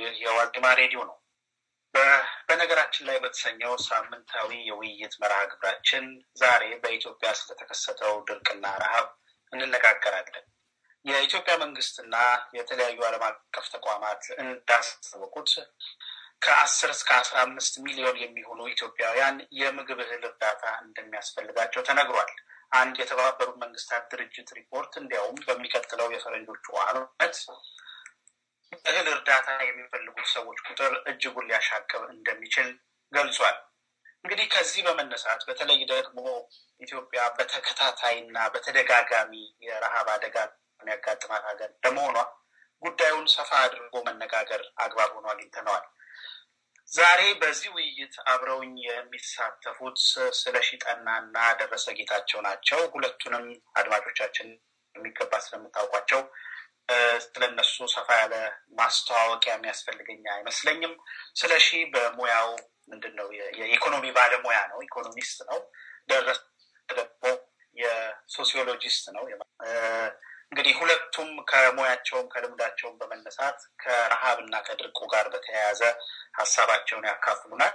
ይህ የዋግማ ሬዲዮ ነው። በነገራችን ላይ በተሰኘው ሳምንታዊ የውይይት መርሃ ግብራችን ዛሬ በኢትዮጵያ ስለተከሰተው ድርቅና ረሃብ እንነጋገራለን። የኢትዮጵያ መንግስትና የተለያዩ ዓለም አቀፍ ተቋማት እንዳስታወቁት ከአስር እስከ አስራ አምስት ሚሊዮን የሚሆኑ ኢትዮጵያውያን የምግብ እህል እርዳታ እንደሚያስፈልጋቸው ተነግሯል። አንድ የተባበሩት መንግስታት ድርጅት ሪፖርት እንዲያውም በሚቀጥለው የፈረንጆቹ ዓመት እህል እርዳታ የሚፈልጉት ሰዎች ቁጥር እጅጉን ሊያሻቅብ እንደሚችል ገልጿል። እንግዲህ ከዚህ በመነሳት በተለይ ደግሞ ኢትዮጵያ በተከታታይና በተደጋጋሚ የረሃብ አደጋ የሚያጋጥማት ሀገር በመሆኗ ጉዳዩን ሰፋ አድርጎ መነጋገር አግባብ ሆኖ አግኝተነዋል። ዛሬ በዚህ ውይይት አብረውኝ የሚሳተፉት ስለ እና ደረሰ ጌታቸው ናቸው። ሁለቱንም አድማጮቻችን የሚገባ ስለምታውቋቸው ስለነሱ ሰፋ ያለ ማስተዋወቂያ የሚያስፈልገኝ አይመስለኝም። ስለ ሺ በሙያው ምንድን ነው የኢኮኖሚ ባለሙያ ነው፣ ኢኮኖሚስት ነው። ደረሰ ደግሞ የሶሲዮሎጂስት ነው። እንግዲህ ሁለቱም ከሙያቸውም ከልምዳቸውም በመነሳት ከረሃብ እና ከድርቁ ጋር በተያያዘ ሀሳባቸውን ያካፍሉናል።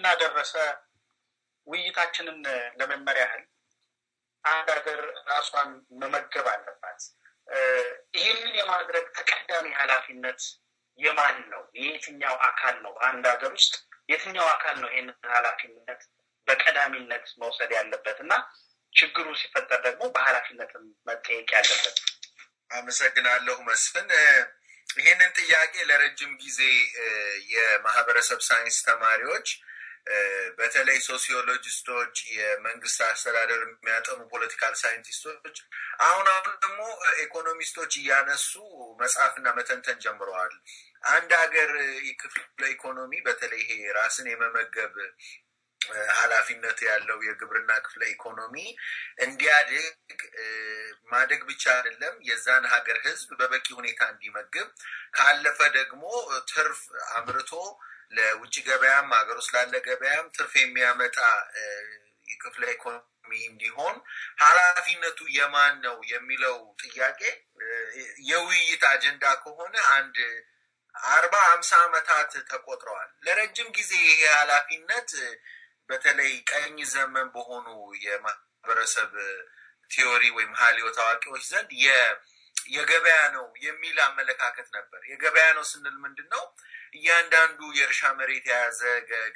ብልጽግና ደረሰ ውይይታችንን ለመመር ያህል አንድ ሀገር ራሷን መመገብ አለባት። ይህንን የማድረግ ተቀዳሚ ኃላፊነት የማን ነው? የየትኛው አካል ነው? በአንድ ሀገር ውስጥ የትኛው አካል ነው ይህንን ኃላፊነት በቀዳሚነት መውሰድ ያለበት እና ችግሩ ሲፈጠር ደግሞ በኃላፊነት መጠየቅ ያለበት? አመሰግናለሁ መስፍን። ይህንን ጥያቄ ለረጅም ጊዜ የማህበረሰብ ሳይንስ ተማሪዎች በተለይ ሶሲዮሎጂስቶች፣ የመንግስት አስተዳደር የሚያጠኑ ፖለቲካል ሳይንቲስቶች፣ አሁን አሁን ደግሞ ኢኮኖሚስቶች እያነሱ መጽሐፍና መተንተን ጀምረዋል። አንድ ሀገር ክፍለ ኢኮኖሚ በተለይ ይሄ ራስን የመመገብ ኃላፊነት ያለው የግብርና ክፍለ ኢኮኖሚ እንዲያድግ ማደግ ብቻ አይደለም፣ የዛን ሀገር ሕዝብ በበቂ ሁኔታ እንዲመግብ ካለፈ ደግሞ ትርፍ አምርቶ ለውጭ ገበያም ሀገር ውስጥ ላለ ገበያም ትርፍ የሚያመጣ የክፍለ ኢኮኖሚ እንዲሆን ኃላፊነቱ የማን ነው የሚለው ጥያቄ የውይይት አጀንዳ ከሆነ አንድ አርባ አምሳ ዓመታት ተቆጥረዋል። ለረጅም ጊዜ ይሄ ኃላፊነት በተለይ ቀኝ ዘመን በሆኑ የማህበረሰብ ቲዮሪ ወይም ሀሊዮ ታዋቂዎች ዘንድ የገበያ ነው የሚል አመለካከት ነበር። የገበያ ነው ስንል ምንድን ነው? እያንዳንዱ የእርሻ መሬት የያዘ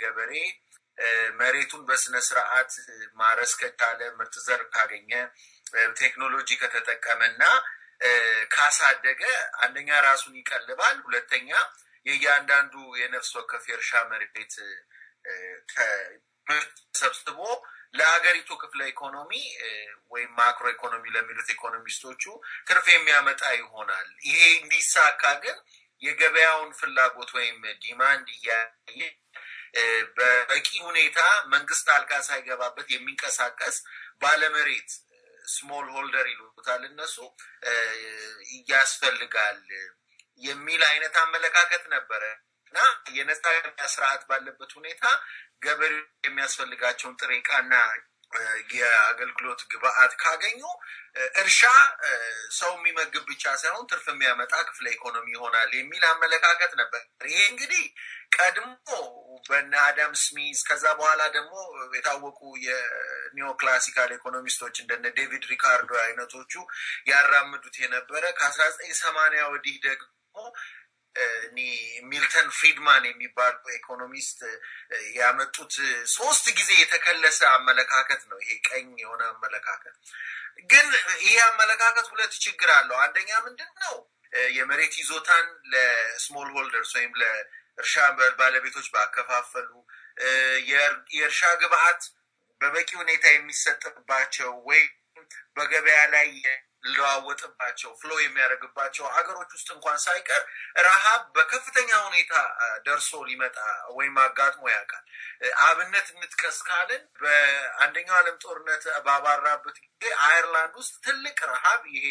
ገበሬ መሬቱን በስነ ስርዓት ማረስ ከቻለ፣ ምርጥ ዘር ካገኘ፣ ቴክኖሎጂ ከተጠቀመ እና ካሳደገ አንደኛ ራሱን ይቀልባል፣ ሁለተኛ የእያንዳንዱ የነፍስ ወከፍ የእርሻ መሬት ምርት ሰብስቦ ለሀገሪቱ ክፍለ ኢኮኖሚ ወይም ማክሮ ኢኮኖሚ ለሚሉት ኢኮኖሚስቶቹ ትርፍ የሚያመጣ ይሆናል። ይሄ እንዲሳካ ግን የገበያውን ፍላጎት ወይም ዲማንድ እያየ በበቂ ሁኔታ መንግስት አልቃ ሳይገባበት የሚንቀሳቀስ ባለመሬት ስሞል ሆልደር ይሉታል እነሱ ያስፈልጋል የሚል አይነት አመለካከት ነበረ እና የነጻ ገበያ ስርዓት ባለበት ሁኔታ ገበሬ የሚያስፈልጋቸውን ጥሬ ዕቃና የአገልግሎት ግብአት ካገኙ እርሻ ሰው የሚመግብ ብቻ ሳይሆን ትርፍ የሚያመጣ ክፍለ ኢኮኖሚ ይሆናል የሚል አመለካከት ነበር። ይሄ እንግዲህ ቀድሞ በነ አዳም ስሚዝ ከዛ በኋላ ደግሞ የታወቁ ክላሲካል ኢኮኖሚስቶች እንደነ ዴቪድ ሪካርዶ አይነቶቹ ያራምዱት የነበረ ከአስራ ዘጠኝ ሰማንያ ወዲህ ደግሞ ሚልተን ፍሪድማን የሚባሉ ኢኮኖሚስት ያመጡት ሶስት ጊዜ የተከለሰ አመለካከት ነው። ይሄ ቀኝ የሆነ አመለካከት ግን ይሄ አመለካከት ሁለት ችግር አለው። አንደኛ ምንድን ነው የመሬት ይዞታን ለስሞል ሆልደርስ ወይም ለእርሻ ባለቤቶች ባከፋፈሉ የእርሻ ግብዓት በበቂ ሁኔታ የሚሰጥባቸው ወይ በገበያ ላይ ሊለዋወጥባቸው ፍሎ የሚያደርግባቸው ሀገሮች ውስጥ እንኳን ሳይቀር ረሃብ በከፍተኛ ሁኔታ ደርሶ ሊመጣ ወይም አጋጥሞ ያውቃል። አብነት እንጥቀስ ካልን በአንደኛው ዓለም ጦርነት ባባራበት ጊዜ አየርላንድ ውስጥ ትልቅ ረሃብ ይሄ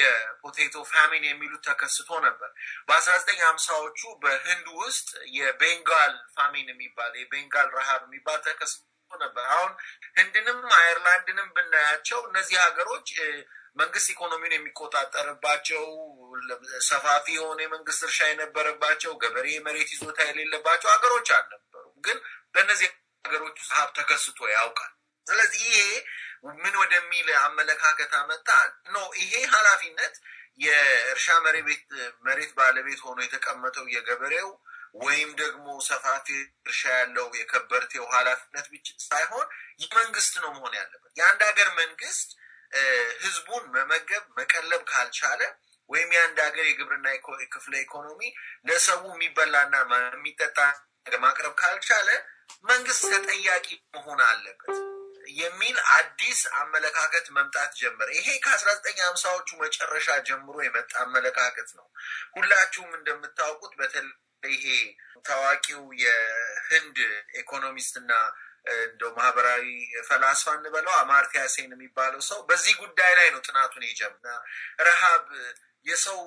የፖቴቶ ፋሚን የሚሉት ተከስቶ ነበር። በአስራ ዘጠኝ ሀምሳዎቹ በህንድ ውስጥ የቤንጋል ፋሚን የሚባል የቤንጋል ረሃብ የሚባል ተከስቶ ነበር። አሁን ህንድንም አየርላንድንም ብናያቸው እነዚህ ሀገሮች መንግስት ኢኮኖሚውን የሚቆጣጠርባቸው ሰፋፊ የሆነ የመንግስት እርሻ የነበረባቸው ገበሬ መሬት ይዞታ የሌለባቸው ሀገሮች አልነበሩም። ግን በእነዚህ ሀገሮች ውስጥ ሀብት ተከስቶ ያውቃል። ስለዚህ ይሄ ምን ወደሚል አመለካከት አመጣ ነው። ይሄ ኃላፊነት የእርሻ መሬት መሬት ባለቤት ሆኖ የተቀመጠው የገበሬው ወይም ደግሞ ሰፋፊ እርሻ ያለው የከበርቴው ኃላፊነት ብቻ ሳይሆን የመንግስት ነው መሆን ያለበት የአንድ ሀገር መንግስት ህዝቡን መመገብ መቀለብ ካልቻለ ወይም የአንድ ሀገር የግብርና ክፍለ ኢኮኖሚ ለሰው የሚበላና የሚጠጣ ማቅረብ ካልቻለ መንግስት ተጠያቂ መሆን አለበት የሚል አዲስ አመለካከት መምጣት ጀመረ። ይሄ ከአስራ ዘጠኝ ሀምሳዎቹ መጨረሻ ጀምሮ የመጣ አመለካከት ነው። ሁላችሁም እንደምታውቁት በተለይ ይሄ ታዋቂው የህንድ ኢኮኖሚስት እና እንደው ማህበራዊ ፈላስፋ እንበለው አማርቲያ ሴን የሚባለው ሰው በዚህ ጉዳይ ላይ ነው ጥናቱን የጀምና ረሃብ የሰው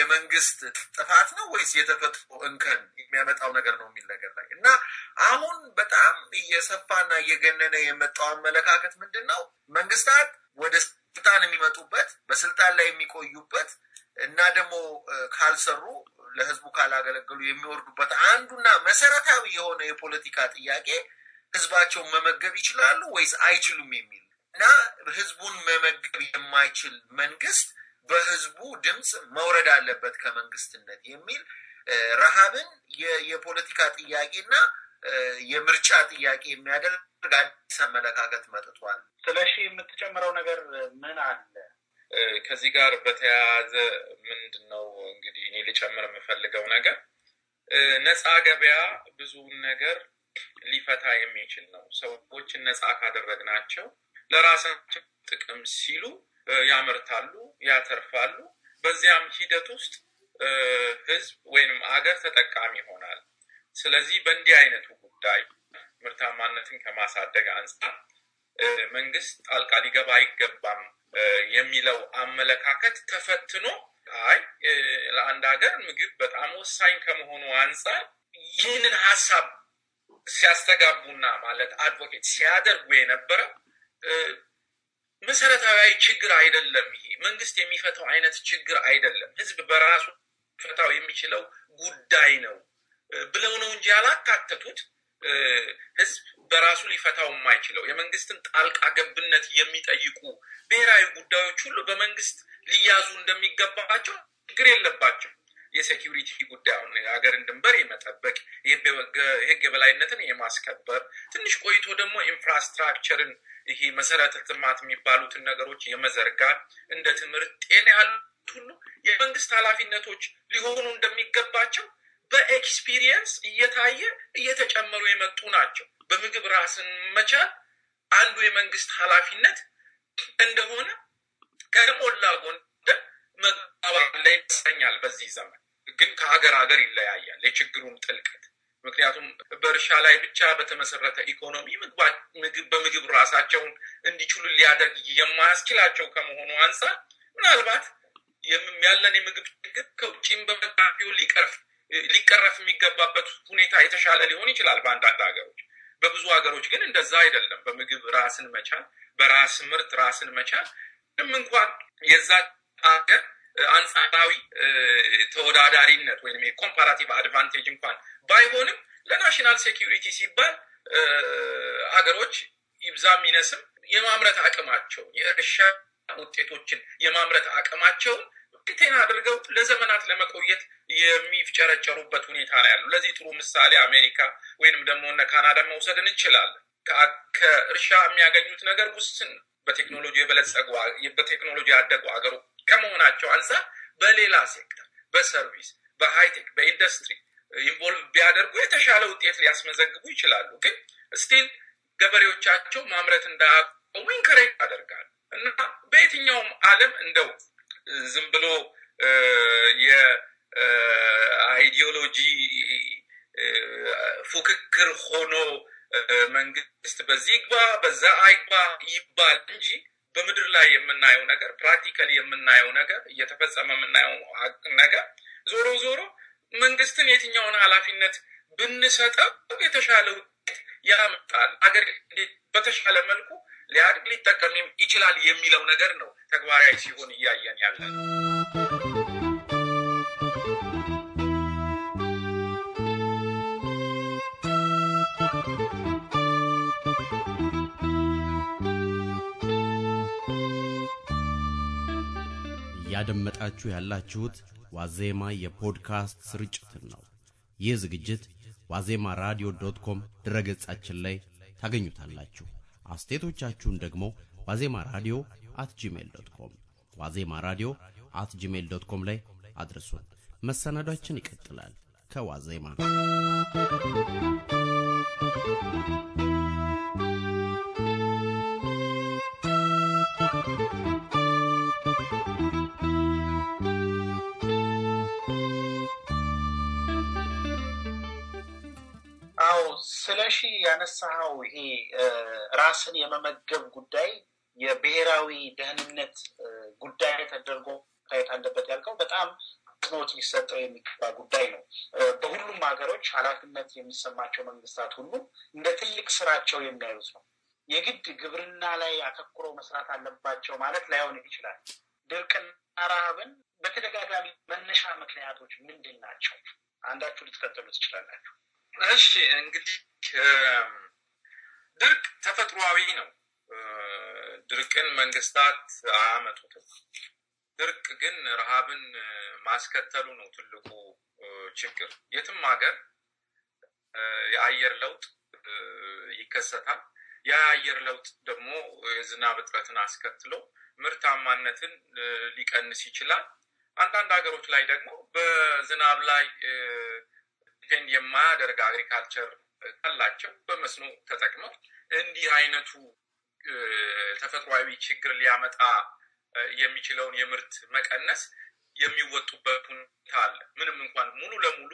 የመንግስት ጥፋት ነው ወይስ የተፈጥሮ እንከን የሚያመጣው ነገር ነው የሚል ነገር ላይ እና አሁን በጣም እየሰፋና እየገነነ የመጣው አመለካከት ምንድን ነው? መንግስታት ወደ ስልጣን የሚመጡበት በስልጣን ላይ የሚቆዩበት እና ደግሞ ካልሰሩ ለህዝቡ ካላገለገሉ የሚወርዱበት አንዱና መሰረታዊ የሆነ የፖለቲካ ጥያቄ ህዝባቸውን መመገብ ይችላሉ ወይስ አይችሉም የሚል እና ህዝቡን መመገብ የማይችል መንግስት በህዝቡ ድምፅ መውረድ አለበት ከመንግስትነት የሚል ረሃብን የፖለቲካ ጥያቄና የምርጫ ጥያቄ የሚያደርግ አዲስ አመለካከት መጥቷል። ስለሺ የምትጨምረው ነገር ምን አለ? ከዚህ ጋር በተያያዘ ምንድን ነው እንግዲህ እኔ ልጨምር የምፈልገው ነገር ነፃ ገበያ ብዙውን ነገር ሊፈታ የሚችል ነው። ሰዎችን ነፃ ካደረግናቸው ለራሳቸው ጥቅም ሲሉ ያመርታሉ፣ ያተርፋሉ። በዚያም ሂደት ውስጥ ህዝብ ወይንም አገር ተጠቃሚ ይሆናል። ስለዚህ በእንዲህ አይነቱ ጉዳይ ምርታማነትን ከማሳደግ አንጻር መንግስት ጣልቃ ሊገባ አይገባም የሚለው አመለካከት ተፈትኖ አይ ለአንድ ሀገር ምግብ በጣም ወሳኝ ከመሆኑ አንጻር ይህንን ሀሳብ ሲያስተጋቡና ማለት አድቮኬት ሲያደርጉ የነበረ መሰረታዊ ችግር አይደለም። ይሄ መንግስት የሚፈታው አይነት ችግር አይደለም። ህዝብ በራሱ ፈታው የሚችለው ጉዳይ ነው ብለው ነው እንጂ ያላካተቱት ህዝብ በራሱ ሊፈታው የማይችለው የመንግስትን ጣልቃ ገብነት የሚጠይቁ ብሔራዊ ጉዳዮች ሁሉ በመንግስት ሊያዙ እንደሚገባቸው ችግር የለባቸው። የሴኪሪቲ ጉዳይ አሁን የሀገርን ድንበር የመጠበቅ የህግ የበላይነትን የማስከበር ትንሽ ቆይቶ ደግሞ ኢንፍራስትራክቸርን ይሄ መሰረተ ልማት የሚባሉትን ነገሮች የመዘርጋት እንደ ትምህርት፣ ጤና ያሉት ሁሉ የመንግስት ኃላፊነቶች ሊሆኑ እንደሚገባቸው በኤክስፒሪየንስ እየታየ እየተጨመሩ የመጡ ናቸው። በምግብ ራስን መቻል አንዱ የመንግስት ኃላፊነት እንደሆነ ከሞላ ጎደል መግባባት ላይ ይመስለኛል። በዚህ ዘመን ግን ከሀገር ሀገር ይለያያል የችግሩን ጥልቀት። ምክንያቱም በእርሻ ላይ ብቻ በተመሰረተ ኢኮኖሚ በምግብ ራሳቸውን እንዲችሉ ሊያደርግ የማያስችላቸው ከመሆኑ አንጻር ምናልባት የሚያለን የምግብ ችግር ከውጭም በመጋቢው ሊቀርፍ ሊቀረፍ የሚገባበት ሁኔታ የተሻለ ሊሆን ይችላል በአንዳንድ ሀገሮች። በብዙ ሀገሮች ግን እንደዛ አይደለም። በምግብ ራስን መቻል፣ በራስ ምርት ራስን መቻል ምንም እንኳን የዛ ሀገር አንጻራዊ ተወዳዳሪነት ወይም የኮምፓራቲቭ አድቫንቴጅ እንኳን ባይሆንም ለናሽናል ሴኪሪቲ ሲባል ሀገሮች ይብዛ የሚነስም የማምረት አቅማቸውን የእርሻ ውጤቶችን የማምረት አቅማቸውን ግዴታን አድርገው ለዘመናት ለመቆየት የሚፍጨረጨሩበት ሁኔታ ነው ያሉ። ለዚህ ጥሩ ምሳሌ አሜሪካ ወይንም ደግሞ እነ ካናዳ መውሰድ እንችላለን። ከእርሻ የሚያገኙት ነገር ውስን በቴክኖሎጂ የበለጸጉ በቴክኖሎጂ ያደጉ ሀገሩ ከመሆናቸው አንጻር በሌላ ሴክተር፣ በሰርቪስ፣ በሃይቴክ፣ በኢንዱስትሪ ኢንቮልቭ ቢያደርጉ የተሻለ ውጤት ሊያስመዘግቡ ይችላሉ። ግን ስቲል ገበሬዎቻቸው ማምረት እንዳያቆሙ ኢንከሬጅ ያደርጋል እና በየትኛውም ዓለም እንደው ዝም ብሎ የአይዲዮሎጂ ፉክክር ሆኖ መንግስት በዚህ ግባ በዛ አይግባ ይባል እንጂ በምድር ላይ የምናየው ነገር ፕራክቲካል የምናየው ነገር እየተፈጸመ የምናየው ነገር ዞሮ ዞሮ መንግስትን የትኛውን ሀላፊነት ብንሰጠው የተሻለ ውጤት ያመጣል። አገር በተሻለ መልኩ ሊያድግ ሊጠቀም ይችላል የሚለው ነገር ነው ተግባራዊ ሲሆን እያየን ያለ እያደመጣችሁ ያላችሁት ዋዜማ የፖድካስት ስርጭትን ነው። ይህ ዝግጅት ዋዜማ ራዲዮ ዶት ኮም ድረገጻችን ላይ ታገኙታላችሁ። አስተያየቶቻችሁን ደግሞ ዋዜማ ራዲዮ አት ጂሜል ዶት ኮም ዋዜማ ራዲዮ አት ጂሜል ዶት ኮም ላይ አድርሱን። መሰናዷችን ይቀጥላል። ከዋዜማ ነው። ስለሺ ያነሳኸው ይሄ ራስን የመመገብ ጉዳይ የብሔራዊ ደህንነት ጉዳይ ተደርጎ ታየት አለበት ያልከው በጣም ትኖት ሊሰጠው የሚገባ ጉዳይ ነው። በሁሉም ሀገሮች ኃላፊነት የሚሰማቸው መንግስታት ሁሉ እንደ ትልቅ ስራቸው የሚያዩት ነው። የግድ ግብርና ላይ አተኩሮ መስራት አለባቸው ማለት ላይሆን ይችላል። ድርቅና ረሃብን በተደጋጋሚ መነሻ ምክንያቶች ምንድን ናቸው? አንዳችሁ ልትቀጥሉ ትችላላችሁ። እሺ እንግዲህ ድርቅ ተፈጥሯዊ ነው። ድርቅን መንግስታት አያመጡትም። ድርቅ ግን ረሃብን ማስከተሉ ነው ትልቁ ችግር። የትም ሀገር የአየር ለውጥ ይከሰታል። የአየር ለውጥ ደግሞ የዝናብ እጥረትን አስከትሎ ምርታማነትን ሊቀንስ ይችላል። አንዳንድ ሀገሮች ላይ ደግሞ በዝናብ ላይ ዲፔንድ የማያደርግ አግሪካልቸር ካላቸው በመስኖ ተጠቅመው እንዲህ አይነቱ ተፈጥሯዊ ችግር ሊያመጣ የሚችለውን የምርት መቀነስ የሚወጡበት ሁኔታ አለ። ምንም እንኳን ሙሉ ለሙሉ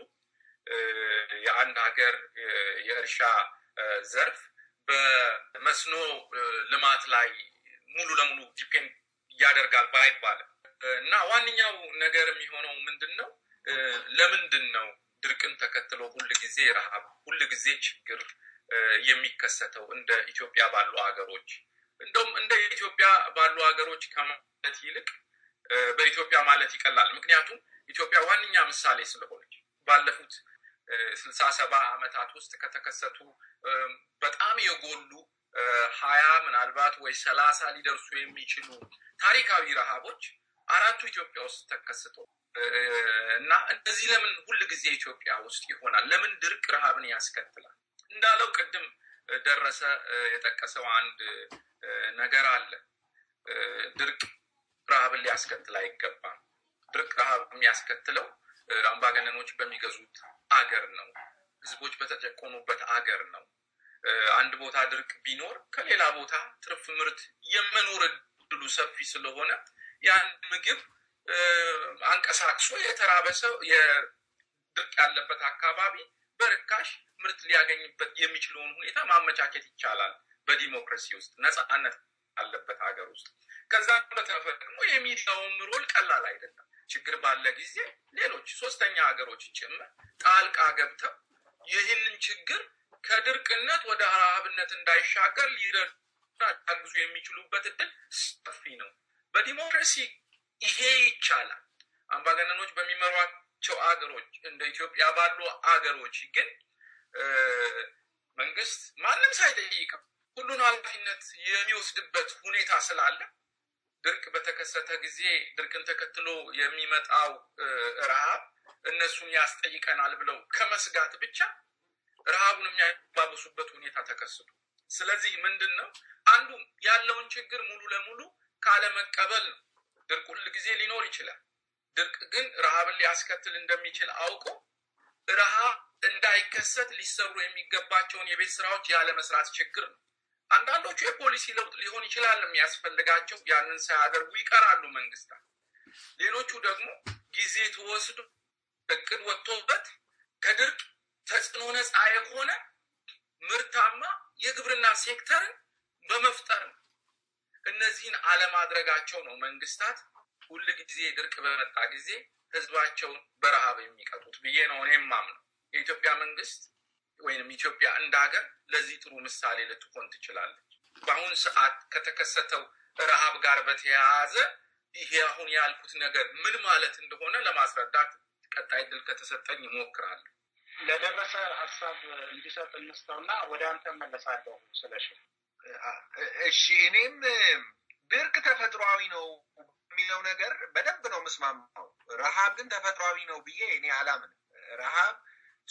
የአንድ ሀገር የእርሻ ዘርፍ በመስኖ ልማት ላይ ሙሉ ለሙሉ ዲፔንድ ያደርጋል ባይባልም እና ዋነኛው ነገር የሚሆነው ምንድን ነው? ለምንድን ነው ድርቅን ተከትሎ ጊዜ ረሃብ፣ ጊዜ ችግር የሚከሰተው እንደ ኢትዮጵያ ባሉ ሀገሮች እንደውም እንደ ኢትዮጵያ ባሉ ሀገሮች ከማለት ይልቅ በኢትዮጵያ ማለት ይቀላል። ምክንያቱም ኢትዮጵያ ዋነኛ ምሳሌ ስለሆነች ባለፉት ስልሳ ሰባ ዓመታት ውስጥ ከተከሰቱ በጣም የጎሉ ሀያ ምናልባት ወይ ሰላሳ ሊደርሱ የሚችሉ ታሪካዊ ረሃቦች አራቱ ኢትዮጵያ ውስጥ ተከስተው እና እንደዚህ ለምን ሁል ጊዜ ኢትዮጵያ ውስጥ ይሆናል? ለምን ድርቅ ረሃብን ያስከትላል? እንዳለው ቅድም ደረሰ የጠቀሰው አንድ ነገር አለ። ድርቅ ረሃብን ሊያስከትል አይገባም። ድርቅ ረሃብ የሚያስከትለው አምባገነኖች በሚገዙት አገር ነው፣ ህዝቦች በተጨቆኑበት አገር ነው። አንድ ቦታ ድርቅ ቢኖር ከሌላ ቦታ ትርፍ ምርት የመኖር እድሉ ሰፊ ስለሆነ ያን ምግብ አንቀሳቅሶ የተራበ ሰው የድርቅ ያለበት አካባቢ በርካሽ ምርት ሊያገኝበት የሚችለውን ሁኔታ ማመቻቸት ይቻላል። በዲሞክራሲ ውስጥ ነፃነት አለበት ሀገር ውስጥ። ከዛ በተረፈ ደግሞ የሚዲያውም ሮል ቀላል አይደለም። ችግር ባለ ጊዜ ሌሎች ሶስተኛ ሀገሮች ጭምር ጣልቃ ገብተው ይህንን ችግር ከድርቅነት ወደ ረሃብነት እንዳይሻገር ሊረዱ ሊያግዙ የሚችሉበት እድል ሰፊ ነው። በዲሞክራሲ ይሄ ይቻላል። አምባገነኖች በሚመሯቸው አገሮች እንደ ኢትዮጵያ ባሉ አገሮች ግን መንግስት ማንም ሳይጠይቅም ሁሉን ኃላፊነት የሚወስድበት ሁኔታ ስላለ ድርቅ በተከሰተ ጊዜ ድርቅን ተከትሎ የሚመጣው ረሃብ እነሱን ያስጠይቀናል ብለው ከመስጋት ብቻ ረሃቡን የሚያባብሱበት ሁኔታ ተከስቶ ስለዚህ ምንድን ነው አንዱ ያለውን ችግር ሙሉ ለሙሉ ካለመቀበል ነው። ድርቅ ሁል ጊዜ ሊኖር ይችላል። ድርቅ ግን ረሃብን ሊያስከትል እንደሚችል አውቆ ረሃብ እንዳይከሰት ሊሰሩ የሚገባቸውን የቤት ስራዎች ያለመስራት ችግር ነው። አንዳንዶቹ የፖሊሲ ለውጥ ሊሆን ይችላል የሚያስፈልጋቸው፣ ያንን ሳያደርጉ ይቀራሉ መንግስታት። ሌሎቹ ደግሞ ጊዜ ተወስዶ እቅድ ወጥቶበት ከድርቅ ተጽዕኖ ነፃ የሆነ ምርታማ የግብርና ሴክተርን በመፍጠር ነው። እነዚህን አለማድረጋቸው ነው መንግስታት ሁል ጊዜ ድርቅ በመጣ ጊዜ ህዝባቸውን በረሃብ የሚቀጡት ብዬ ነው እኔ የማምነው። የኢትዮጵያ መንግስት ወይም ኢትዮጵያ እንደ ሀገር ለዚህ ጥሩ ምሳሌ ልትሆን ትችላለች። በአሁኑ ሰዓት ከተከሰተው ረሃብ ጋር በተያያዘ ይሄ አሁን ያልኩት ነገር ምን ማለት እንደሆነ ለማስረዳት ቀጣይ ድል ከተሰጠኝ ይሞክራል። ለደረሰ ሀሳብ እንዲሰጥ እንስተውና ወደ አንተ መለሳለሁ ስለሽ እሺ እኔም ድርቅ ተፈጥሯዊ ነው የሚለው ነገር በደንብ ነው ምስማማው። ረሃብ ግን ተፈጥሯዊ ነው ብዬ እኔ አላምንም። ረሃብ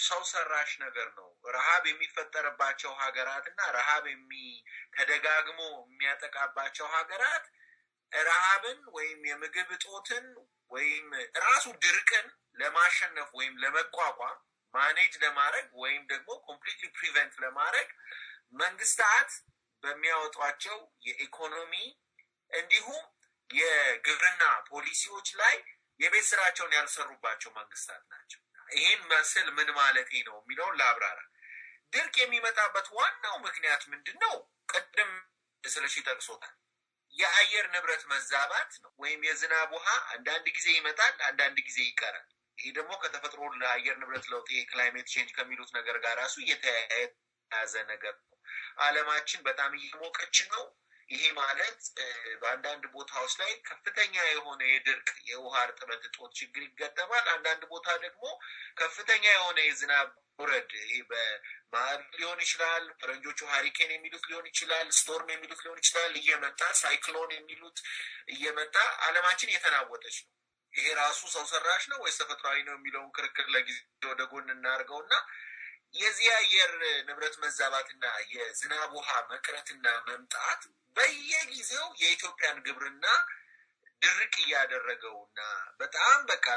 ሰው ሰራሽ ነገር ነው። ረሃብ የሚፈጠርባቸው ሀገራት እና ረሃብ ተደጋግሞ የሚያጠቃባቸው ሀገራት ረሃብን ወይም የምግብ እጦትን ወይም ራሱ ድርቅን ለማሸነፍ ወይም ለመቋቋም ማኔጅ ለማድረግ ወይም ደግሞ ኮምፕሊትሊ ፕሪቨንት ለማድረግ መንግስታት በሚያወጧቸው የኢኮኖሚ እንዲሁም የግብርና ፖሊሲዎች ላይ የቤት ስራቸውን ያልሰሩባቸው መንግስታት ናቸው። ይህን መስል ምን ማለቴ ነው የሚለውን ለአብራራ። ድርቅ የሚመጣበት ዋናው ምክንያት ምንድን ነው? ቅድም ስለሺ ጠቅሶታል። የአየር ንብረት መዛባት ነው። ወይም የዝናብ ውሃ አንዳንድ ጊዜ ይመጣል፣ አንዳንድ ጊዜ ይቀራል። ይሄ ደግሞ ከተፈጥሮ ለአየር ንብረት ለውጥ ክላይሜት ቼንጅ ከሚሉት ነገር ጋር ራሱ የተያያዘ ነገር ነው። አለማችን በጣም እየሞቀች ነው። ይሄ ማለት በአንዳንድ ቦታዎች ላይ ከፍተኛ የሆነ የድርቅ የውሃ እርጥበት እጦት ችግር ይገጠማል። አንዳንድ ቦታ ደግሞ ከፍተኛ የሆነ የዝናብ ውረድ ይሄ በማዕበል ሊሆን ይችላል። ፈረንጆቹ ሀሪኬን የሚሉት ሊሆን ይችላል። ስቶርም የሚሉት ሊሆን ይችላል። እየመጣ ሳይክሎን የሚሉት እየመጣ አለማችን እየተናወጠች ነው። ይሄ ራሱ ሰው ሰራሽ ነው ወይስ ተፈጥሯዊ ነው የሚለውን ክርክር ለጊዜ ወደ ጎን እናደርገውና የዚህ አየር ንብረት መዛባትና የዝናብ ውሃ መቅረትና መምጣት በየጊዜው የኢትዮጵያን ግብርና ድርቅ እያደረገው እና በጣም በቃ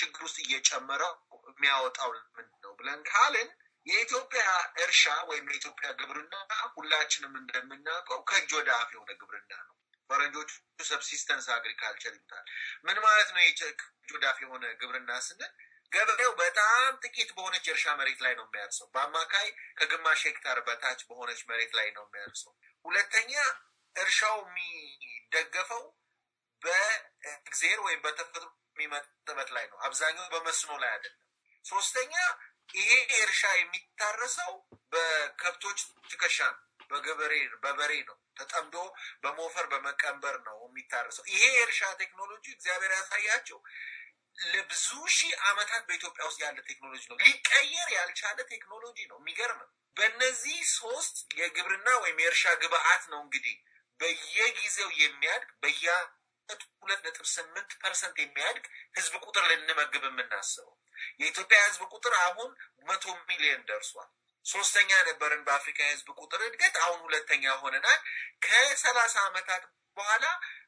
ችግር ውስጥ እየጨመረው የሚያወጣው ምንድን ነው ብለን ካልን የኢትዮጵያ እርሻ ወይም የኢትዮጵያ ግብርና ሁላችንም እንደምናውቀው ከእጅ ወደ አፍ የሆነ ግብርና ነው። ፈረንጆቹ ሰብሲስተንስ አግሪካልቸር ይሉታል። ምን ማለት ነው? ከእጅ ወደ አፍ የሆነ ግብርና ስንል ገበሬው በጣም ጥቂት በሆነች የእርሻ መሬት ላይ ነው የሚያርሰው። በአማካይ ከግማሽ ሄክታር በታች በሆነች መሬት ላይ ነው የሚያርሰው። ሁለተኛ እርሻው የሚደገፈው በእግዜር ወይም በተፈጥሮ የሚመጥበት ላይ ነው። አብዛኛው በመስኖ ላይ አይደለም። ሶስተኛ ይሄ እርሻ የሚታረሰው በከብቶች ትከሻ ነው፣ በገበሬ በበሬ ነው ተጠምዶ በሞፈር በመቀንበር ነው የሚታረሰው። ይሄ የእርሻ ቴክኖሎጂ እግዚአብሔር ያሳያቸው ለብዙ ሺህ ዓመታት በኢትዮጵያ ውስጥ ያለ ቴክኖሎጂ ነው። ሊቀየር ያልቻለ ቴክኖሎጂ ነው። የሚገርም በእነዚህ ሶስት የግብርና ወይም የእርሻ ግብአት ነው እንግዲህ በየጊዜው የሚያድግ በያ ሁለት ነጥብ ስምንት ፐርሰንት የሚያድግ ህዝብ ቁጥር ልንመግብ የምናስበው የኢትዮጵያ ህዝብ ቁጥር አሁን መቶ ሚሊዮን ደርሷል። ሶስተኛ ነበርን በአፍሪካ የህዝብ ቁጥር እድገት፣ አሁን ሁለተኛ ሆነናል። ከሰላሳ ዓመታት በኋላ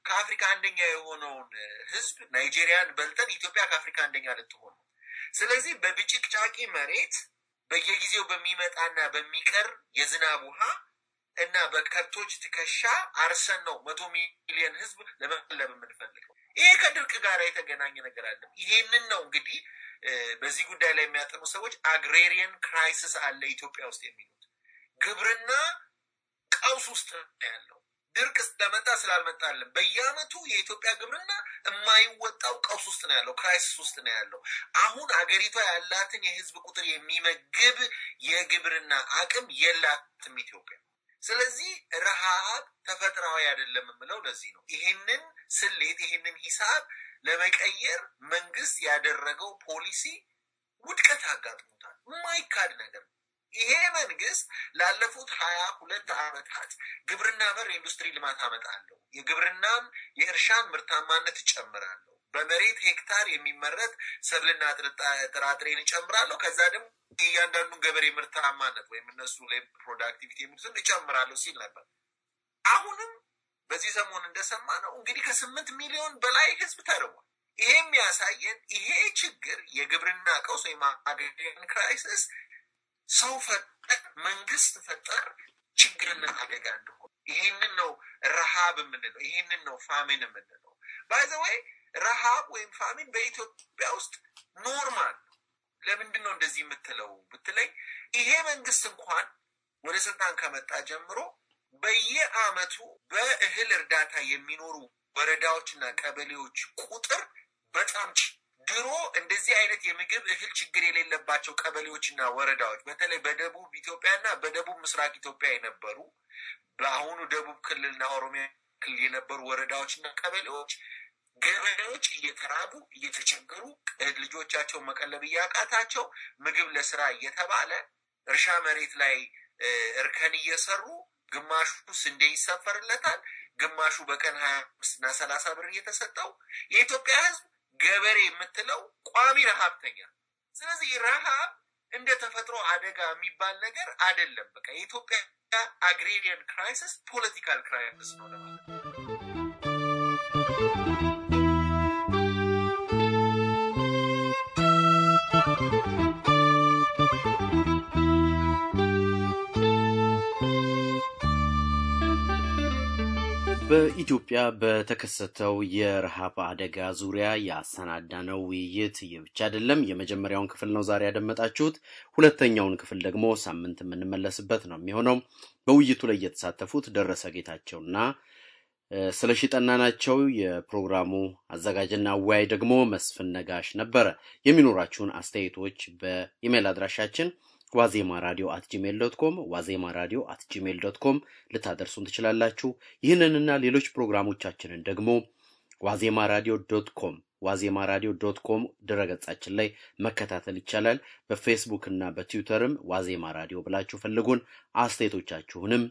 ከአፍሪካ አንደኛ የሆነውን ህዝብ ናይጄሪያን በልጠን ኢትዮጵያ ከአፍሪካ አንደኛ ልትሆን ስለዚህ በብጭቅጫቂ መሬት በየጊዜው በሚመጣና በሚቀር የዝናብ ውሃ እና በከብቶች ትከሻ አርሰን ነው መቶ ሚሊዮን ህዝብ ለመፈለብ የምንፈልገው። ይሄ ከድርቅ ጋር የተገናኘ ነገር አለ ይሄንን ነው እንግዲህ በዚህ ጉዳይ ላይ የሚያጠኑ ሰዎች አግሬሪየን ክራይሲስ አለ ኢትዮጵያ ውስጥ የሚሉት ግብርና ቀውስ ውስጥ ያለው ድርቅ ለመጣ ስላልመጣ በየአመቱ የኢትዮጵያ ግብርና የማይወጣው ቀውስ ውስጥ ነው ያለው፣ ክራይሲስ ውስጥ ነው ያለው። አሁን አገሪቷ ያላትን የህዝብ ቁጥር የሚመግብ የግብርና አቅም የላትም ኢትዮጵያ። ስለዚህ ረሃብ ተፈጥሯዊ አይደለም የምለው ለዚህ ነው። ይሄንን ስሌት ይሄንን ሂሳብ ለመቀየር መንግስት ያደረገው ፖሊሲ ውድቀት አጋጥሞታል። የማይካድ ነገር ነው። ይሄ መንግስት ላለፉት ሀያ ሁለት ዓመታት ግብርና መር ኢንዱስትሪ ልማት አመጣለሁ፣ የግብርናን የእርሻን ምርታማነት እጨምራለሁ፣ በመሬት ሄክታር የሚመረት ሰብልና ጥራጥሬን እጨምራለሁ፣ ከዛ ደግሞ እያንዳንዱን ገበሬ ምርታማነት ወይም እነሱ ሌብ ፕሮዳክቲቪቲ የሚሉትን እጨምራለሁ ሲል ነበር። አሁንም በዚህ ሰሞን እንደሰማ ነው እንግዲህ ከስምንት ሚሊዮን በላይ ህዝብ ተርቧል። ይሄ የሚያሳየን ይሄ ችግር የግብርና ቀውስ ወይም አግሪያን ክራይሲስ ሰው ፈጠር፣ መንግስት ፈጠር ችግርና አደጋ እንደሆነ ይህንን ነው ረሃብ የምንለው፣ ይህንን ነው ፋሚን የምንለው። ባይዘወይ ረሃብ ወይም ፋሚን በኢትዮጵያ ውስጥ ኖርማል ነው። ለምንድን ነው እንደዚህ የምትለው ብትለኝ፣ ይሄ መንግስት እንኳን ወደ ስልጣን ከመጣ ጀምሮ በየአመቱ በእህል እርዳታ የሚኖሩ ወረዳዎችና ቀበሌዎች ቁጥር በጣም ድሮ እንደዚህ አይነት የምግብ እህል ችግር የሌለባቸው ቀበሌዎችና ወረዳዎች በተለይ በደቡብ ኢትዮጵያና በደቡብ ምስራቅ ኢትዮጵያ የነበሩ በአሁኑ ደቡብ ክልልና ኦሮሚያ ክልል የነበሩ ወረዳዎችና ቀበሌዎች ገበሬዎች እየተራቡ እየተቸገሩ ልጆቻቸውን መቀለብ እያቃታቸው ምግብ ለስራ እየተባለ እርሻ መሬት ላይ እርከን እየሰሩ ግማሹ ስንዴ ይሰፈርለታል፣ ግማሹ በቀን ሀያ አምስትና ሰላሳ ብር እየተሰጠው የኢትዮጵያ ሕዝብ ገበሬ የምትለው ቋሚ ረሃብተኛ። ስለዚህ ረሃብ እንደ ተፈጥሮ አደጋ የሚባል ነገር አይደለም። በቃ የኢትዮጵያ አግሬሪያን ክራይሲስ ፖለቲካል ክራይሲስ ነው ለማለት ነው። በኢትዮጵያ በተከሰተው የረሃብ አደጋ ዙሪያ ያሰናዳነው ውይይት ይህ ብቻ አይደለም። የመጀመሪያውን ክፍል ነው ዛሬ ያደመጣችሁት። ሁለተኛውን ክፍል ደግሞ ሳምንት የምንመለስበት ነው የሚሆነው። በውይይቱ ላይ የተሳተፉት ደረሰ ጌታቸውና ስለ ሽጠና ናቸው። የፕሮግራሙ አዘጋጅና አወያይ ደግሞ መስፍን ነጋሽ ነበረ። የሚኖራችሁን አስተያየቶች በኢሜይል አድራሻችን ዋዜማ ራዲዮ አት ጂሜል ዶት ኮም ዋዜማ ራዲዮ አት ጂሜል ዶት ኮም ልታደርሱን ትችላላችሁ። ይህንንና ሌሎች ፕሮግራሞቻችንን ደግሞ ዋዜማ ራዲዮ ዶት ኮም ዋዜማ ራዲዮ ዶት ኮም ድረገጻችን ላይ መከታተል ይቻላል። በፌስቡክ እና በትዊተርም ዋዜማ ራዲዮ ብላችሁ ፈልጉን። አስተያየቶቻችሁንም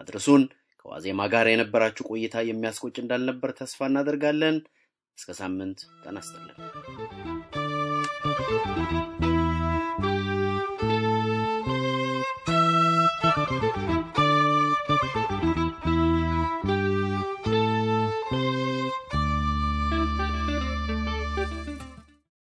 አድርሱን። ከዋዜማ ጋር የነበራችሁ ቆይታ የሚያስቆጭ እንዳልነበር ተስፋ እናደርጋለን። እስከ ሳምንት ጤና ይስጥልን።